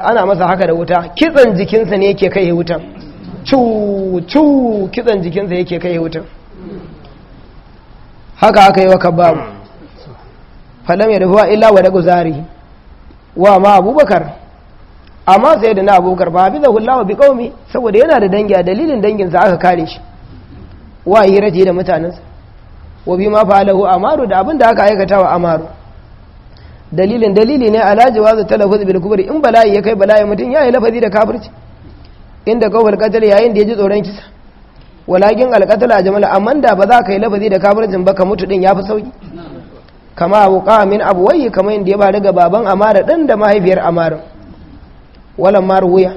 ana masa haka da wuta kitsan jikinsa ne yake kai wutan cu kitsan jikinsa yake kai wutan haka aka yi wa kababu falam ya rufuwa illa wa da guzari wa ma abubakar amma sai da na abubakar ba hafiza hulawa bi kaumi saboda yana da dangi a dalilin danginsa aka kare shi wa raji da mutanensa wa bi ma fa'alahu amaru da abin da aka aikata wa amaru dalilin dalili ne ala jawazu talaffuz bil kubri in bala'i ya kai bala'i mutum ya yi lafazi da kafirci inda kawal qatl yayin da ya ji tsoron kisa walakin al qatl ajmal amma da ba za ka lafazi da kafircin ba ka mutu din fi sauki kama qamin abu wayi kama inda ya ba daga baban amara din da mahaifiyar amara wala marwiya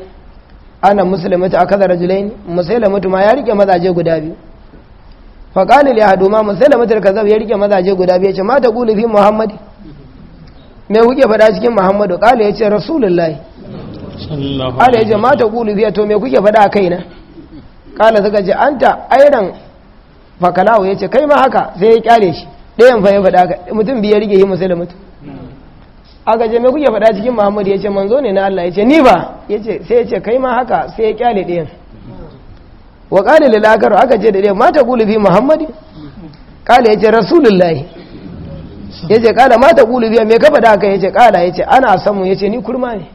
ana muslimatu akaza rajulain muslimatu ma ya rike mazaje guda biyu fa qala li ahaduma muslimatu kazab ya rike mazaje guda biyu ce ma ta qulu fi muhammadin me kuke faɗa cikin muhammadu ƙala ya ce rasulullahi kala ya ce mata ƙulu zai to me kuke faɗa a kaina ƙala suka ce an ta airan fakalawo ya ce kai ma haka sai ya ƙyale shi ɗayan fa ya faɗa ka mutum biyar rige yi musulun mutum aka ce me kuke faɗa cikin muhammadu ya ce manzo ne na allah ya ce ni ba ya ce sai ya ce kai ma haka sai ya ƙyale ɗayan wa ƙalilil akaru aka ce da ɗayan mata ƙulu fi muhammadu ƙala ya ce rasulullahi ya ce kala mata ta ƙulu biya mai kafa da haka ya kala ya ana samu ya ni kurma ne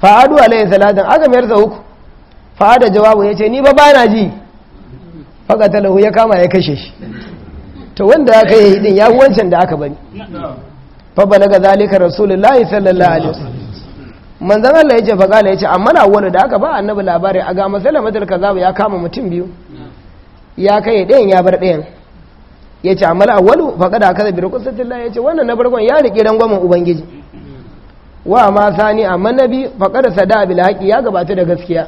fa'adu alayhi salatin aka mayar sa uku fa'ada jawabu ya ni ba bana ji faga lahu ya kama ya kashe shi to wanda aka yi hidin ya wancan da aka bani fa balaga zalika rasulullahi sallallahu alaihi wasallam manzon Allah ya ce fagala ya ce amma na wani da aka ba annabi labari a ga masala madar kaza ya kama mutum biyu ya kai ɗayan ya bar ɗayan ya ce walu awwalu faqad akaza bi rukusatillah ya ce wannan na farkon ya riƙe rangwamen ubangiji wa ma sani amma faɗa da sada bil haƙi ya gabata da gaskiya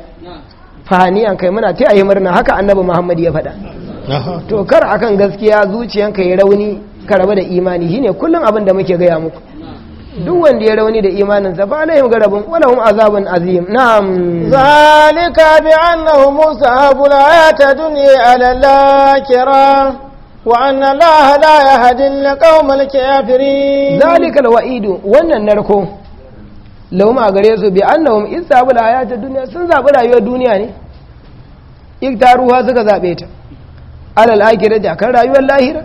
fahaniyan kai muna ta yi murna haka annabi muhammad ya faɗa to kar kan gaskiya zuciyanka ya rauni ka da imani shine kullum abin da muke gaya muku duk wanda ya rauni da imanin sa fa alaihim garabun wa azabun azim na'am zalika bi annahum musahabul hayatad dunya ala lakira وأن الله لا يهدي القوم الكافرين ذلك الوعيد وأن النركو ما أغريزوا بأنهم إذ زابوا الحياة الدنيا سن زابوا الحياة الدنيا ne iktaruha suka zaɓe ta alal akira da الله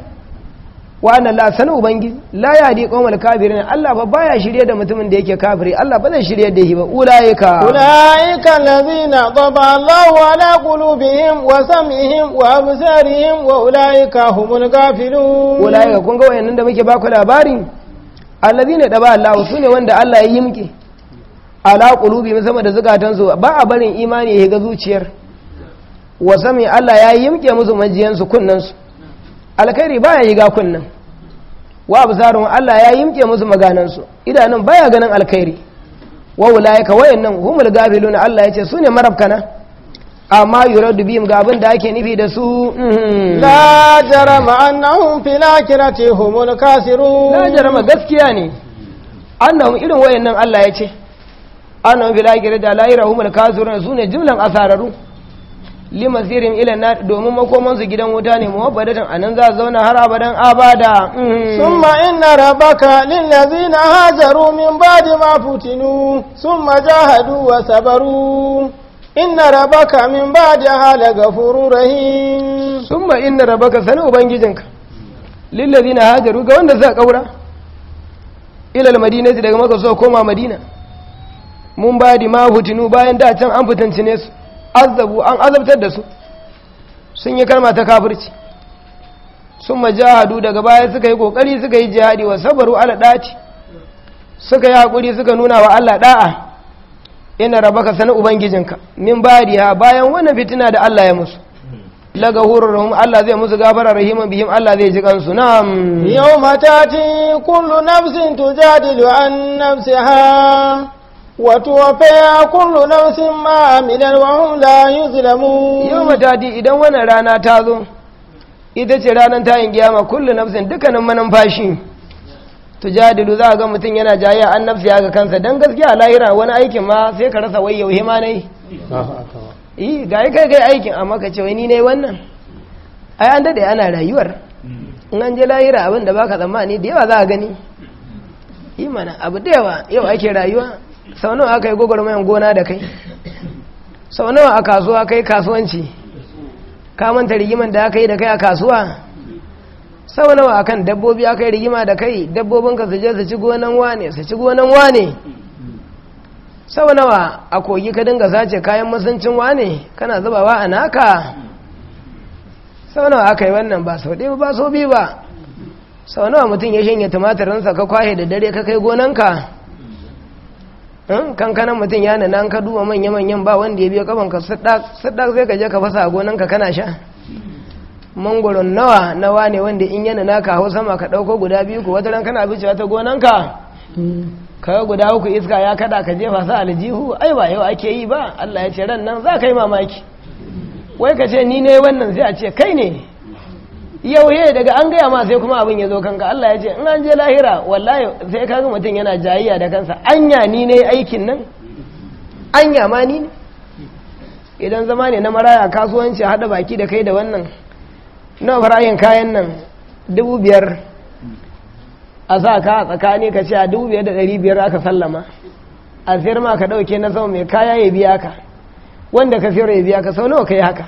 wa anna la sanu ubangiji la yahdi qawmal kafirin Allah ba baya shirye da mutumin da yake kafiri Allah ba zai shirye da shi ba ulaika ulaika allazina taba Allahu ala qulubihim wa sam'ihim wa absarihim wa ulaika humul kafirun ulaika kun ga wayannan da muke ba ku labarin allazina Allah Allahu sune wanda Allah ya yi muke ala qulubihim sama da su ba a barin imani ya ga zuciyar wa sami Allah ya yi muke musu majiyansu kunnansu alkhairi baya yi ga kunnan wa absarun Allah ya yimke musu maganansu idanun baya ganin alkhairi wa ulaika wayannan humul gafiluna Allah yace su ne marabkana amma yuradu bihim ga abin da ake nufi da su hmm. la jarama annahum fil akhirati humul kasirun la jarama gaskiya ne annahum irin wayannan Allah yace annahum fil akhirati la yarahumul kasirun su ne jumlan asararu limasirihim ila na domin makoman su gidan wuta ne muhabbadatan anan za zauna har abadan abada mm. summa inna rabaka lil na hajaru min ba'di ma futinu summa jahadu wa sabaru inna rabaka min ba'di hala ghafurur rahim summa inna rabaka sani ubangijinka lil na hajaru ga wanda za kaura ila al madinati daga maka so koma madina mun ba'di ma futinu bayan da can an fitanci ne su azabu an azabtar da su sun yi kalma ta kafirci sun majahadu daga baya suka yi kokari suka yi jihadi wa sabaru ala dati suka yi hakuri suka nuna wa Allah da'a ina rabaka sana ubangijinka min bariya bayan wannan fitina da Allah ya musu laga hurrum Allah zai musu gafara rahiman bihim Allah zai ji kansu na'am yau tati kullu nafsin tujadilu an nafsiha kullu na نفس ما wa وهم لا يظلمون Yau تاتي idan wannan rana ta zo ita ce ranar tayin giyama kullu nafsin dukkanin manumfashi jadilu za ga mutum yana jayya an nafsi ya ga kansa don gaskiya lahira wani aikin ma sai ka rasa wai yauhe ma nai yi ga yi kai kai aikin amma ka ce wai ni ne wannan ai an dade ana rayuwar in an je lahira abin da baka tsammani da yawa za a gani yi abu da yawa yau ake rayuwa sau nawa aka yi gwagwarmayan gona da kai sau nawa a kasuwa kai kasuwanci kamanta rigiman da aka yi da kai a kasuwa sau nawa a kan dabbobi aka yi rigima da kai dabbobinka su je su ci gonan wane su ci gonan wane sau nawa a kogi ka dinga sace kayan masancin wane kana zubawa a naka sau nawa aka yi wannan ba sau ɗaya ba sau biyu ba sau nawa mutum ya shanye tumatirinsa ka kwaye da dare ka kai gonanka kankanan mutum ya nana an ka duba manya-manyan ba wanda ya biya kaban ka saddak zai ka je ka fasa a gonan ka kana sha mangoron nawa nawa ne wanda in yana naka hau sama ka dauko guda biyu ku wata ran kana bicewa ta gonan ka ka guda uku iska ya kada ka jefa sa aljihu ai ba yau ake yi ba Allah ya ce ran nan za ka yi mamaki wai ka ce ni ne wannan sai a ce kai ne yau yau daga an gaya ma sai kuma abin ya zo kanka Allah ya ce in an je lahira wallahi sai kaga mutum yana jayayya da kansa anya ni ne aikin nan anya ma ni ne idan zama ne na maraya kasuwanci haɗa baki da kai da wannan nawa farayin kayan nan dubu biyar a sa ka a tsakani ka ce a dubu biyar da ɗari biyar aka sallama a siyar ma ka ɗauke na sau mai kaya ya biya ka wanda ka siyar ya biya ka sau nawa ka yi haka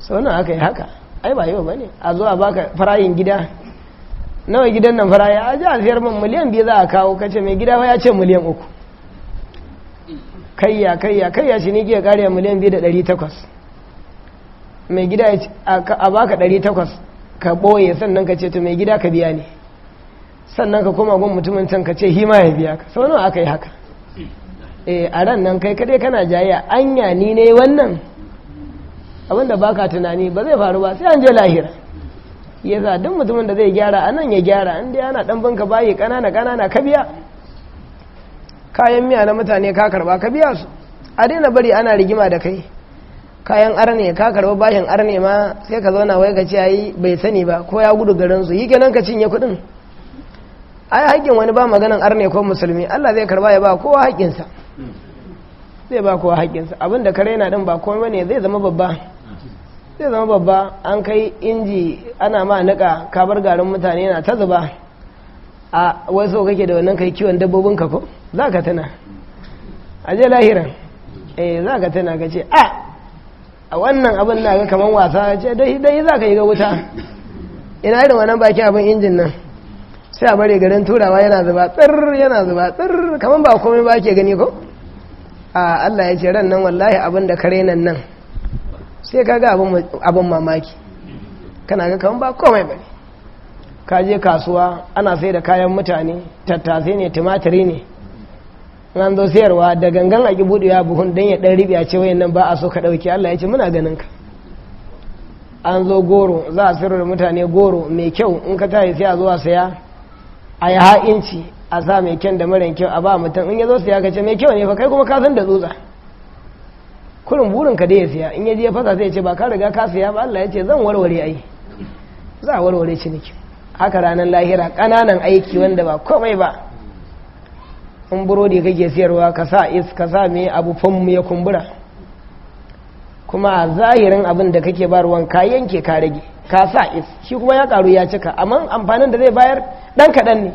sau nawa ka yi haka ai ba yau bane a zo a baka farayin gida nawa gidan nan faraya a ji alfiyar man miliyan biyu za a kawo kace mai gida ya ce miliyan uku kayya kayya kayya shi ne giya kariya miliyan biyu da ɗari takwas mai gida a baka ɗari takwas ka ɓoye sannan ka ce to mai gida ka biya ne sannan ka koma gun mutumin can ka ce hima ya biya ka sau nawa aka yi haka eh, a ran nan kai kadai kana jaya anya ni ne wannan abinda baka tunani ba zai faru ba sai an je lahira yasa duk mutumin da zai gyara a nan ya gyara in yana ana dan banka bayi kanana kanana ka biya kayan miya na mutane ka karba ka biya su a daina bari ana rigima da kai kayan arne ka karba bashin arne ma sai ka zauna wai ka ce yayi bai sani ba ko ya gudu garin su yi kenan ka cinye kuɗin ai haƙƙin wani ba maganan arne ko musulmi Allah zai karba ya ba kowa haƙƙinsa zai ba kowa haƙƙinsa abinda kare na din ba komai ne zai zama babba zai zama babba an kai inji ana ma nika ka bar garin mutane na ta zuba a wasu kake da wannan kai kiwon dabbobin ka ko za ka tana a je lahiran eh za ka tana ka ce a a wannan abin na ga kaman wasa ce dai dai za ka yi ga wuta ina irin wannan baki abin injin nan sai a bare garin turawa yana zuba tsir yana zuba tsir kaman ba komai ba ke gani ko a Allah ya ce ran nan wallahi abin da kare nan nan sai kaga abin mamaki kana ga kaman ba komai ba ne ka kasuwa ana sai da kayan mutane tattasai ne tumatiri ne an zo sayarwa da gangan a buɗe ya buhun don ya ɗan ribi a ce wayan nan ba a so ka ɗauki allah ya ce muna ganin ka an zo goro za a sayar da mutane goro mai kyau in ka tashi sai a zuwa saya a yi ha'inci a sa mai kyan da mara kyau a ba mutum in ya zo saya ka ce mai kyau ne fa kai kuma ka san da tsutsa kurin burin ka dai ya siya in ya ya fasa sai ya ce ba ka riga ka siya ba Allah ya ce zan warware ai za a warware ciniki haka ranar lahira kananan aiki wanda ba komai ba in burodi kake siyarwa ka sa is ka sa me abu fam ya kumbura kuma a zahirin abin da kake barwan ka yanke ka rage ka sa is shi kuma ya karu ya cika amma amfanin da zai bayar dan kaɗan ne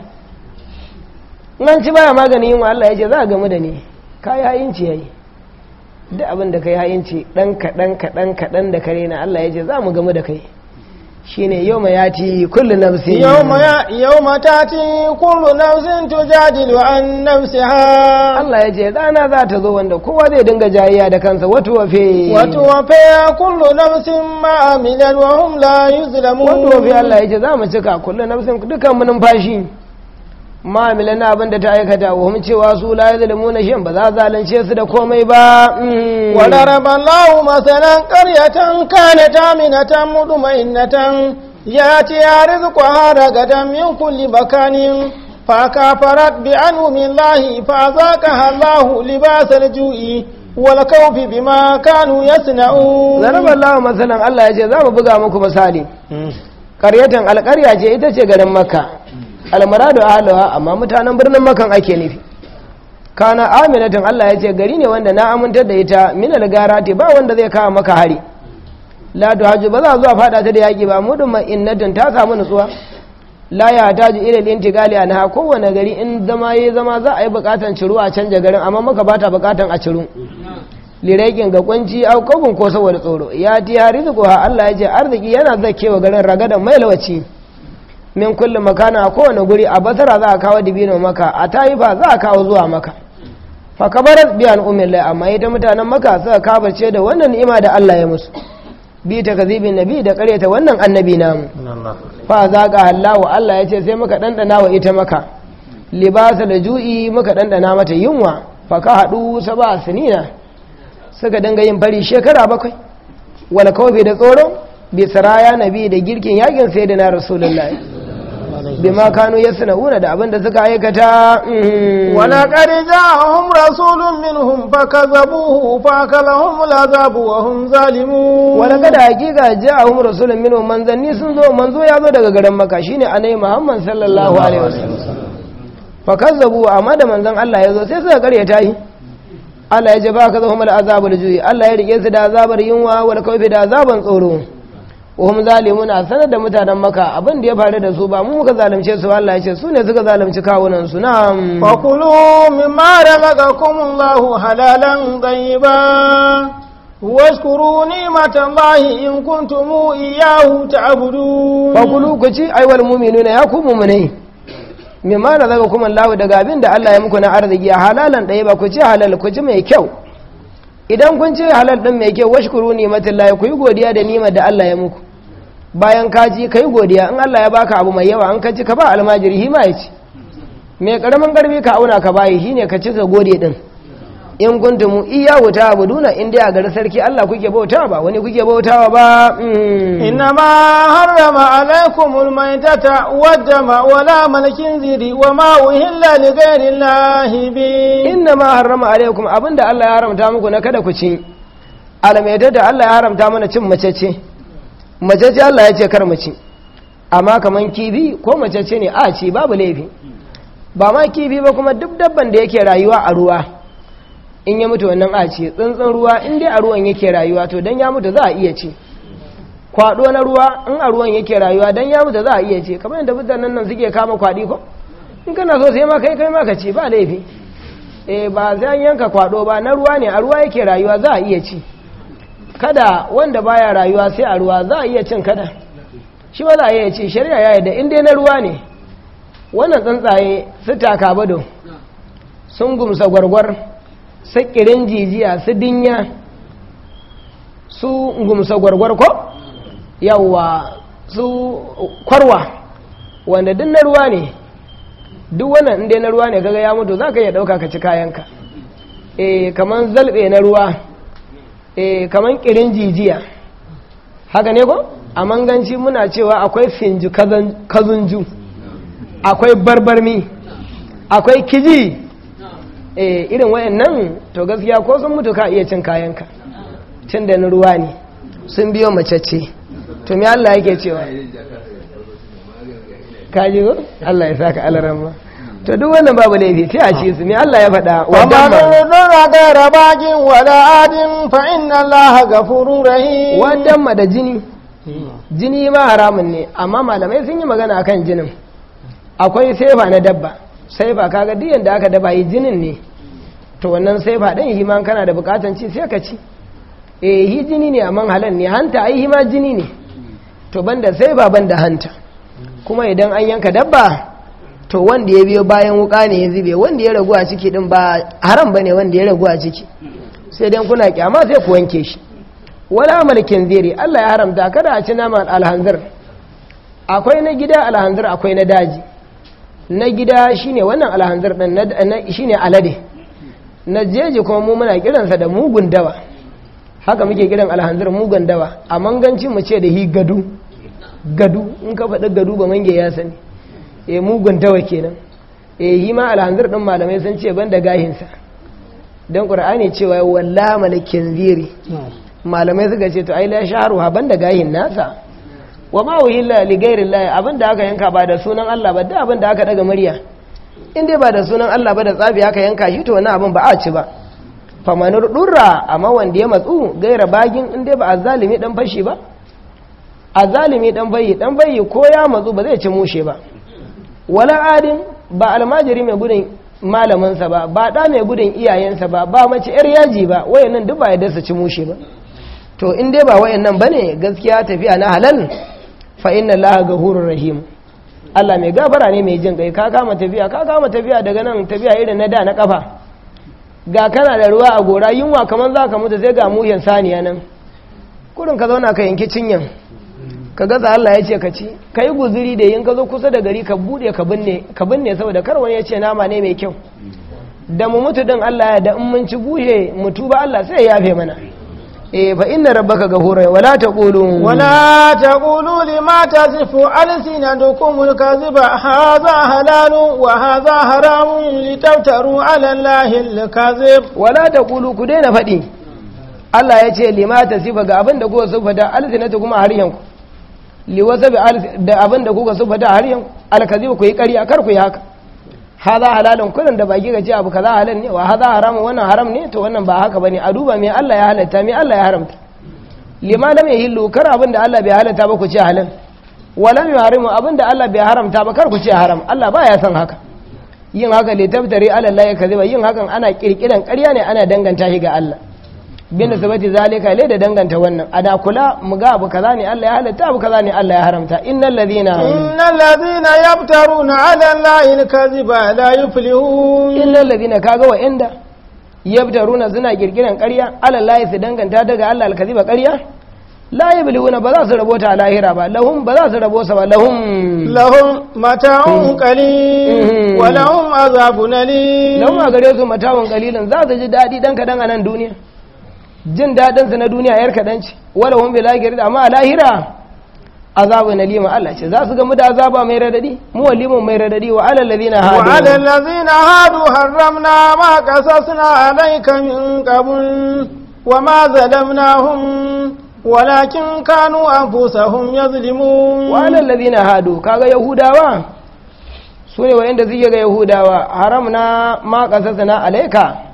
in an ci baya maganin yin Allah ya ce za a gamu da ni ka yi ci ya duk abin da kai ha'inci ɗan kaɗan kaɗan kaɗan da kare na Allah ya ce za mu gamu da kai Shi ne yau ma ya ci kullu nafsin ma ta ci kullu nafsin tujadilu an ha Allah ce dana za ta zo wanda kowa zai dinga jayayya da kansa watu wafe watu wafe kullu nafsin ma amilat wa hum la watu wafe Allah ya ce za mu cika kullu nafsin dukkan mun numfashi Ma'amilan abin da ta aikata wa hum cewa su la yadlamuna shin ba za zalunce su da komai ba mm. wa daraba Allahu masalan qaryatan kanat aminatan mudmainatan yati rizqaha ragadan min kulli bakanin فكفرت Allahu libasal ju'i الله لباس الجوع والخوف بما كانوا يصنعون masalan Allah ya ce za mu buga muku misali mm. qaryatan alqarya ce ita ce garin makka almaradu ahalawa amma mutanen birnin makan ake nufi kana aminatin Allah ya ce gari ne wanda na amintar da ita min te ba wanda zai kawo maka hari la tuhaju ba za zuwa fada ta da yaki ba mudun innatin ta samu nutsuwa la ya ila ilal intiqali ha kowane gari in zama yayi zama za a yi bukatan ciru a canja garin amma maka bata bukatan a ciru lirakin ga kunci au ko saboda tsoro ya ti ha Allah ya ce arziki yana zakewa garin ragadan mai lawaci min kulli makana a kowane guri a basara za a kawo dibino maka a taifa za a kawo zuwa maka fa kabarat bi an amma ita mutanen maka suka kabarce da wannan ni'ima da Allah ya musu bi ta kazibin nabi da ta wannan annabi namu fa zaqa Allahu Allah ya ce sai muka dandana wa ita maka libasa da ju'i muka dandana mata yunwa fa ka hadu saba sinina suka dinga yin fari shekara bakwai kawai bai da tsoro bi saraya nabi da girkin yakin sayyidina rasulullahi bima kanu yasnauna da abin da suka aikata mm. wa laqad ja'ahum rasulun minhum fakadhabuhu fakalahum al'azabu wa hum zalimun wa laqad haqiqa ja'ahum rasulun minhum manzanni sun zo manzo ya zo daga garin ne a nai, Muhammad sallallahu alaihi wasallam fakazzabu amma da manzan Allah ya zo sai suka karyata shi Allah ya ji ba ka zahumar azabul juyi Allah ya rike su da azabar yunwa wal kawfi da azaban tsoro wa hum zalimuna sanar da mutanen maka abin da ya faru da su ba mu muka zalunce su Allah ya ce su ne suka zalunci kawunan su na'am fa kulu mimma razaqakum Allahu halalan tayyiban واذكروا نعمة الله إن كنتم إياه تعبدون فقلوا كتي أيها المؤمنون يا كومني مما رزقكم الله daga abin da Allah ya muku na arziki halalan ɗaya ba ku ci halal ku ci mai kyau idan kun ci halal ɗin mai kyau washkuru ni'matillahi ku yi godiya da ni'mar da Allah ya muku bayan kaji kai godiya in Allah ya baka abu mai yawa an ka ka ba almajiri hi ma ya ci mai karamin karfi ka auna ka bayi shi ne ka ci gode din in mu iya wuta buduna in dai a sarki Allah kuke bauta ba wani kuke bautawa ba mm. inna ma harrama alaikumul wadda wadama wala malakin ziri wa ma uhilla li ghairi llahi bi inna ma harrama alaikum abinda Allah ya haramta muku na kada ku ci almaitata Allah ya haramta mana cin mace ce mace ce Allah ya ce kar mace amma kaman kibi ko mace ce ne a ce babu laifi ba ma kibi ba kuma duk dabban da yake rayuwa a ruwa in ya mutu wannan a ce tsantsan ruwa in dai a ruwan yake rayuwa to dan ya mutu za a iya ce kwado na ruwa in a ruwan yake rayuwa dan ya mutu za a iya ce kamar yadda buddha nan suke kama kwadi ko in kana so sai ma kai kai ma ka ce ba laifi eh ba sai an yanka kwado ba na ruwa ne a ruwa yake rayuwa za a iya ci kada wanda baya rayuwa sai a ruwa za a iya cin kada shi ba za a iya ce shari'a ya yi da inda na ruwa ne wannan tsuntsaye su taka bado sun gumsa gwargwar su kirin jijiya su dinya su gumsa gwargwar ko yawwa su kwarwa wanda duk na ruwa ne duk wannan inda na ruwa ne kaga ya mutu za ka iya ɗauka ka ci kayanka eh, kamar zalbe na ruwa eh kaman kirin jijiya haka ne ko a manganci muna cewa akwai finji kazunju akwai barbarmi akwai kiji eh, irin irin nan to gaskiya ko sun mutu ka iya cin kayanka cin da ruwa ne sun biyo macece to mi Allah yake cewa kaji ko Allah ya saka alarama to duk wannan babu laifi sai a ci su me Allah ya faɗa wa man bakin wala adin fa inna Allah ghafurur rahim ma da jini hmm. jini ma haramun ne amma malamai sun yi magana akan jinin akwai saifa na dabba saifa kaga duk yanda aka daba yi jinin ne to wannan saifa din yi ma kana da bukatan ci sai ka ci eh hi jini ne amma halal ne hanta ai hi ma jini ne to banda saifa banda hanta kuma idan an yanka dabba to wanda ya biyo bayan wuka ne ya zube wanda ya ragu a ciki din ba haram ba ne wanda ya ragu a ciki sai dan kuna kyama sai ku wanke shi wala malikin ziri Allah ya haramta kada a ci naman alhanzir akwai na gida alhanzir akwai na daji na gida shine wannan alhanzir din shine alade na jeji kuma mu muna kiransa da mugun dawa haka muke kiran alhanzir mugun dawa a mangancin mu ce da hi gadu gadu in ka faɗi gadu ba mange ya sani e mugun tawa kenan e eh, yi ma alhanzir din malamai sun ce ban da gahinsa don ƙur'ani cewa walla malakin ziri malamai suka ce to ai la sharu ha da gahin nasa wa ma uhilla ligairin layi abin da aka yanka ba da sunan Allah ba da da aka daga murya in dai ba da sunan Allah ba da tsabi aka yanka shi to wani abin ba a ci ba famanur durra amma wanda ya matsu gaira bagin in dai ba zalimi dan fashi ba zalimi ɗan bayi dan bayi ko ya matsu ba zai ci mushe ba wala adin ba almajiri mai gudun malamansa ba ba da mai gudun iyayensa ba ba mace yar yaji ba wayannan duk ba ya dasa ci mushe ba to in dai ba wayannan bane gaskiya tafiya na halal fa inna allaha ghafurur rahim Allah mai gafara ne mai jin kai ka kama tafiya ka kama tafiya daga nan tafiya irin na da na kafa ga kana da ruwa a gora yunwa kamar za ka mutu sai ga muhin saniya nan kurin ka zauna ka yanki cinyan ka gaza Allah ya ce ka ci ka yi guziri da yin ka zo kusa da gari ka bude ka binne saboda kar wani ya ce nama ne mai kyau da mu mutu din Allah ya da in mun ci bushe mu tuba Allah sai ya yafe mana E, fa inna rabbaka ghafurun wala taqulu wala taqulu lima tasifu alsinatukum alkaziba hadha halalu wa hadha haramun litaftaru ala allahi alkazib wala taqulu ku daina faɗi. Allah ya ce lima tasifa ga abin da kuwa sufa da alsinatukum ku. liwazabi da abin da kuka sufa da har yin alkazi ku yi ƙarya kar ku yi haka haza halalin kudin da baki ga ci abu kaza halal ne wa haza haram wannan haram ne to wannan ba haka bane a duba me Allah ya halatta me Allah ya haramta lima lam yahillu kar abin da Allah bai halatta ba ku ce halal wa lam yuharimu abin da Allah bai haramta ba kar ku ce haram Allah ba ya san haka yin haka li tabtari ala ya kaza yin hakan ana kirkiran ƙarya ne ana danganta shi ga Allah bin sabati zalika lai da danganta wannan a da kula mu ga abu kaza ne Allah ya halatta abu kaza ne Allah ya haramta innal ladina innal ladina yaftaruna ala allahi kaziba la yuflihun innal ladina kaga wa inda yaftaruna suna girgiran ƙarya ala allahi su danganta daga Allah alkaziba ƙarya la yablughuna ba za su rabo a lahira ba lahum ba za su rabo sa ba lahum lahum mata'un qalil hmm. wa lahum azabun alim lahum a gare su mata'un qalilan za su ji dadi dan kadan a nan duniya jin daɗinsa na duniya yar kaɗan ce wala wani bai lagiri da amma a lahira azabu na lima Allah ce za su gamu da azaba mai radadi mu wa liman mai radadi wa ala ladina hadu wa ala ladina hadu haramna ma qasasna alayka min qabl wa ma zalamnahum walakin kanu anfusahum yazlimun wa ala ladina hadu kaga yahudawa sune wa'anda zai ga yahudawa haramna ma qasasna alayka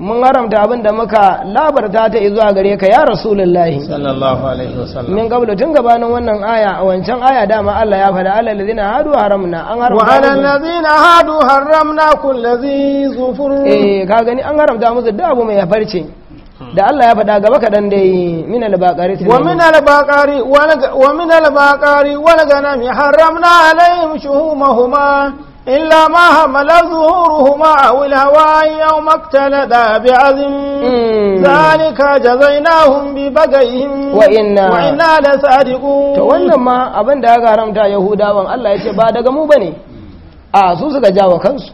mun haramta abin da muka labarta ta izuwa gare ka ya rasulullahi sallallahu alaihi wasallam min qablu tun gabanin wannan aya a wancan aya dama Allah ya faɗa alal ladina hadu haramna an haramta wa alal ladina hadu haramna ladhi zufur eh ka gani an haramta musu da abu mai farce da Allah ya faɗa gaba kaɗan da yi min albaqari wa min albaqari wa min albaqari wa ganami haramna alaihim shuhumahuma إلا ما همل ظهورهما أو الهوى يوم اقتلدا بعظم ذلك جزيناهم ببقيهم وإنا وإنا لصادقون to wannan ma abin da ya haramta yahudawan Allah yace ba daga mu bane a su suka jawo kansu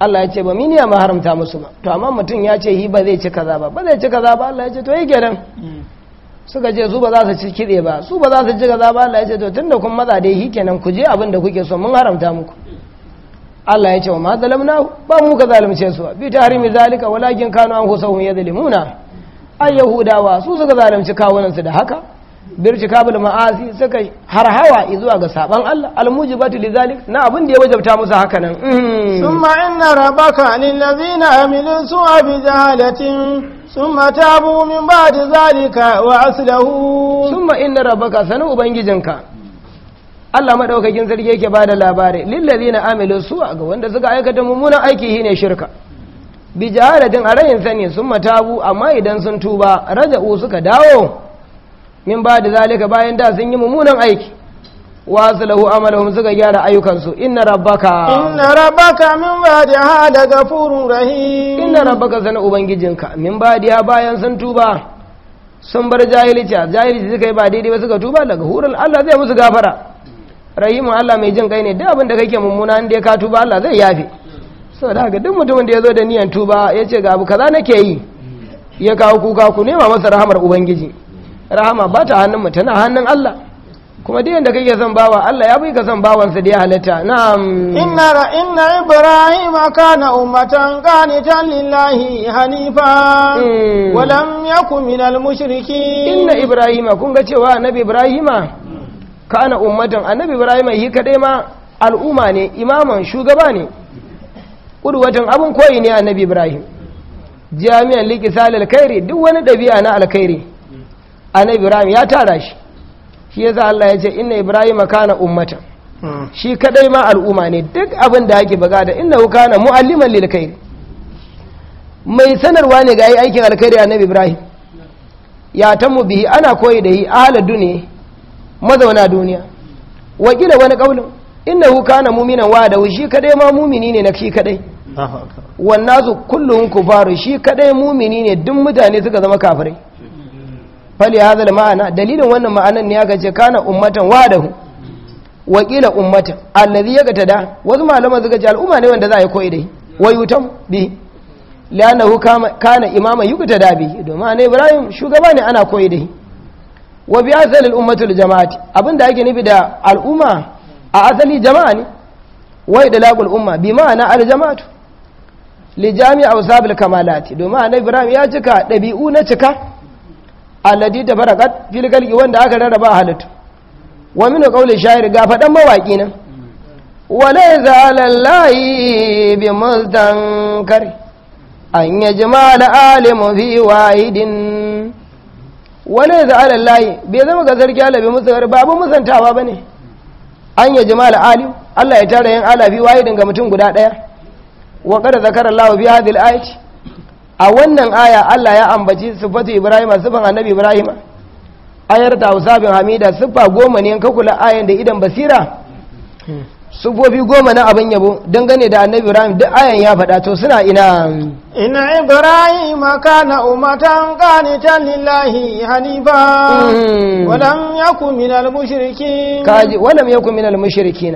Allah ya ce ba mini ya haramta musu ba to amma mutum ya ce ba zai ci kaza ba ba zai ci kaza ba Allah ya ce to yi nan mm. suka ce su ba za su ci kide ba su ba za su ci kaza ba Allah ya ce to tunda kun maza dai yi kenan ku je abin da kuke so mun haramta muku Allah ya ce wa ma zalamna ba mu ka zalunce su bi harimi zalika walakin kanu an ya zalimuna ay yahudawa su suka zalunci kawunan su da haka birci kabul ma'asi suka harhawa zuwa ga saban Allah almujibatu lidhalik na abin da ya wajabta musu haka nan mm. summa inna rabbaka ladina amilu su'a bi jahalatin summa tabu min ba'di zalika wa aslahu summa inna rabbaka sanu ubangijinka Allah madaukakin sarki yake ba da labari lillazina amilu su ga wanda suka aikata mummunan aiki shine shirka bi jaharatin a rayin sani sun matabu amma idan sun tuba raja'u suka dawo min ba da zalika bayan da sun yi mummunan aiki wasu lahu amalahum suka gyara ayyukansu inna rabbaka inna rabbaka min ba'di hada gafurur rahim inna rabbaka sana ubangijinka min da bayan sun tuba sun bar jahilci jahilci suka yi ba daidai ba suka tuba daga hurul Allah zai musu gafara rahimu Allah mai jin kai ne duk abin da kake mummuna inda ya ka tuba Allah zai yafe so da haka duk mutumin da ya zo da niyan tuba ya ce ga abu kaza nake yi ya kawo kuka ku nema masa rahamar ubangiji rahama ba ta hannun mu tana hannun Allah kuma duk inda kake son bawa Allah ya bai ka son bawansa da ya halatta na'am inna ra inna ibrahim kana ummatan qanitan lillahi hanifa hmm. wa lam yakun minal mushrikin inna ibrahim kun ga cewa annabi ibrahima kana ummatan annabi ibrahim yi kadai ma al'umma ne imaman shugaba ne ƙudwatan abin koyi ne annabi ibrahim jami'an likisal alkhairi duk wani ɗabi'a na alkhairi annabi ibrahim ya tara shi shi yasa Allah ya ce inna ibrahim kana ummatan hmm. shi kadai ma al'umma ne duk abin da yake buga da hu kana mu'alliman lil khairi mai sanarwa ne ga aikin alkhairi annabi ibrahim ya tamu bihi ana koyi da yi ahladu ne mazauna duniya wakila wani ƙaunin, kaulin huka na mu'minan wa da shi kadai ma mumini ne na shi kadai su kullum ku faru shi kadai mumini ne duk mutane suka zama kafirai fali zala ma'ana dalilin wannan ma'anan ne aka ce kana ummatan wadahu wakila ummatan allazi ya gata da wasu malaman suka ce al'umma ne wanda za a yi koyi dai wayutam bi lanahu kana imama yugata da bi domin ibrahim shugaba ne ana koyi dai wa bi asali ummatul jama'ati abinda ake nufi da al'umma a asali jama'a ne wai da lagul umma bi ma'ana aljama'atu li jami'a usabil kamalati domin annabi ibrahim ya cika dabi'u na cika alladi da barakat fil galgi wanda aka rarraba halittu wa min qawli sha'ir ga fadan mawaki nan wala zalallahi bi mustankari an yajma'a al alim fi wahidin wani da alal layi bai zama ga zargi alabi musu gari babu musantawa ba ne an ya jima alim allah ya tara yin alabi wayi daga mutum guda ɗaya wa kada zakar allah biya hadil ayat a wannan aya allah ya ambaci sifatu ibrahim a sifan annabi ibrahim ayar ta usabin hamida siffa goma ne ka kula ayan da idan basira sufofi goma na abin yabo dangane da annabi ibrahim duk ayan ya faɗa to suna ina ina ibrahim kana umatan qanitan lillahi hanifa hmm. walam yakun minal mushrikin kaji walam yakun minal mushrikin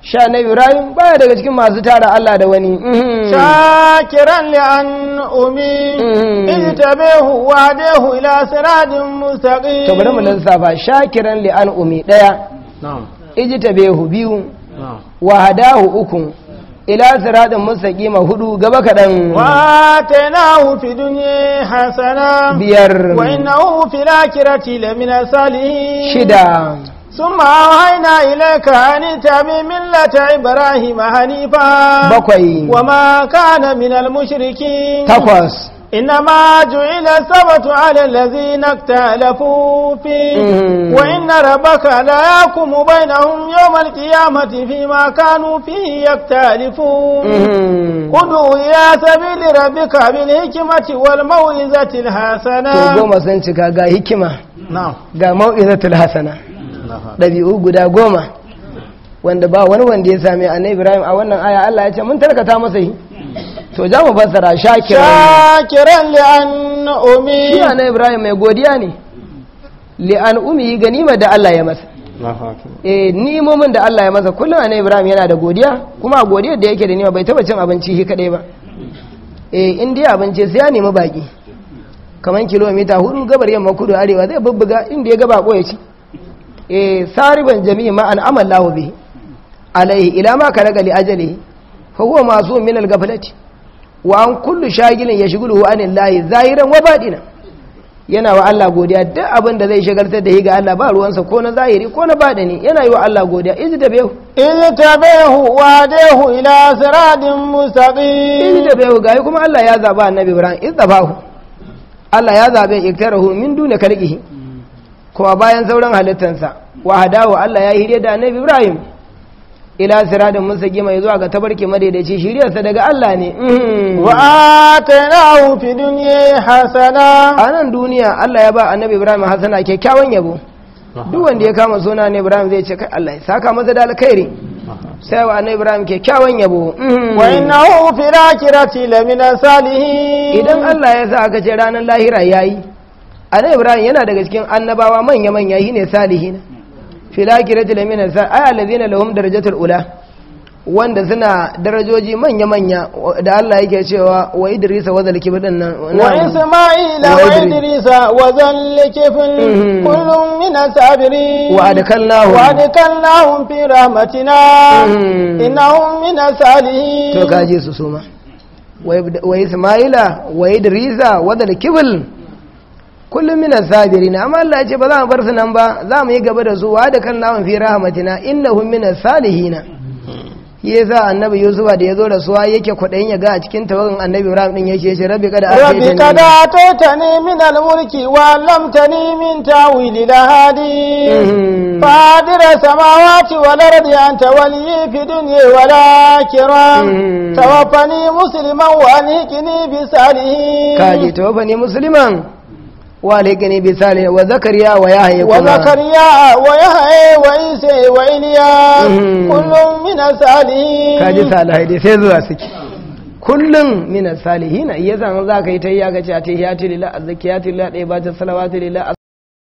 sha na ibrahim baya daga cikin masu tara Allah da wani hmm. shakiran li an umi hmm. ijtabahu wa dahu ila siratin mustaqim to bari mu lissafa shakiran li an umi daya na'am ijtabahu biyu wa hadahu uku ila musaki ma hudu gaba kadan wa tanahu fi dunya hasana biyar wa innahu fi akhirati la min salihin shida summa hayna ilayka an tabi millata ibrahim hanifa bakwai wa ma kana min al mushrikin takwas إنما جعل السبت على الذين اختلفوا فيه وإن ربك لا يحكم بينهم يوم القيامة فيما كانوا فيه يختلفون ادعوا إلى سبيل ربك بالحكمة والموعظة الحسنة goma sun cika ga hikima ga mau'izatul hasana ɗabi'u guda goma wanda ba wani wanda ya sami a Ibrahim a wannan aya Allah ya ce mun tarkata masa yi to za mu fassara shakiran shakiran li'an umi shi ana ibrahim mai godiya ne li'an umi ganima da Allah ya masa eh nimomin da Allah ya masa kullum ana ibrahim yana da godiya kuma godiyar da yake da nima bai taba cin abinci shi kadai ba eh indiya abinci sai ya nemi baki kamar kilomita hudu gabar yamma kudu arewa zai bubbuga inda ya gaba koya ci eh sariban jami'i ma an amallahu bihi alaihi ila ma karaga li ajali fa huwa masum min al-ghaflati wa an kullu shagilin ya shigulu anin layi zahiran wa baɗina yana wa Allah godiya duk abin da zai shagaltar da higa Allah ba ruwansa ko na zahiri ko na baɗini yana yi wa Allah godiya izi da behu izi ta behu wa dehu ila siradin mustaɓi izi da behu gayi kuma Allah ya zaɓa annabi ibrahim izi da bahu Allah ya zaɓe iktarahu min duna kalƙihi kuma bayan sauran halittansa wa hadahu Allah ya hirya da annabi ibrahim ila siradin mai zuwa ga tabarki madaidaici shiryarsa daga Allah ne mm. wa atanahu fi dunya hasana anan duniya Allah ya ba annabi Ibrahim hasana kyakkyawan yabo duk wanda ya kama suna ne Ibrahim zai ce Allah ya saka masa da alkhairi sai wa annabi Ibrahim kyakkyawan yabo mm. wa innahu fi akhirati lamina salihin idan Allah ya sa aka ce ranar lahira yayi annabi Ibrahim yana daga cikin annabawa manya manya shine na. fil akhirati lamin hasan ay alladhina lahum darajatul ula wanda suna darajoji manya-manya da Allah yake cewa wa Idrisa wa zalkifin bidan nan wa Isma'ila wa Idrisa wa fil kullum min asabiri wa adkalnahum wa adkalnahum fi rahmatina innahum min asalihin to kaje su suma wa Isma'ila wa Idrisa wa zalkifin kullum mina Sabirina amma Allah ya ce ba za mu bar su nan ba za mu yi gaba da zuwa da kan namun fi rahmatina innahum mina salihina yasa annabi yusufa da ya zo da suwa yake kudayin ya ga a cikin tawagin annabi ibrahim din yake shi rabbi kada rabbi kada ne min al-mulki wa lamtani min tawil alhadi mm-hmm. fadir samawati wal ardi anta waliyyi fi dunya wal akhirah mm-hmm. tawaffani musliman wa alhiqni bi salihin kaji tawaffani musliman ولكن بسالم وزكريا ويحيى وزكريا ويحيى وعيسى وإلياس كل من الصالحين كاجي صالحين sai zuwa suke kullum Salihi na iya zan zaka yi tayya ga ce atiyati lillah azkiyati lillah ɗaya ba ta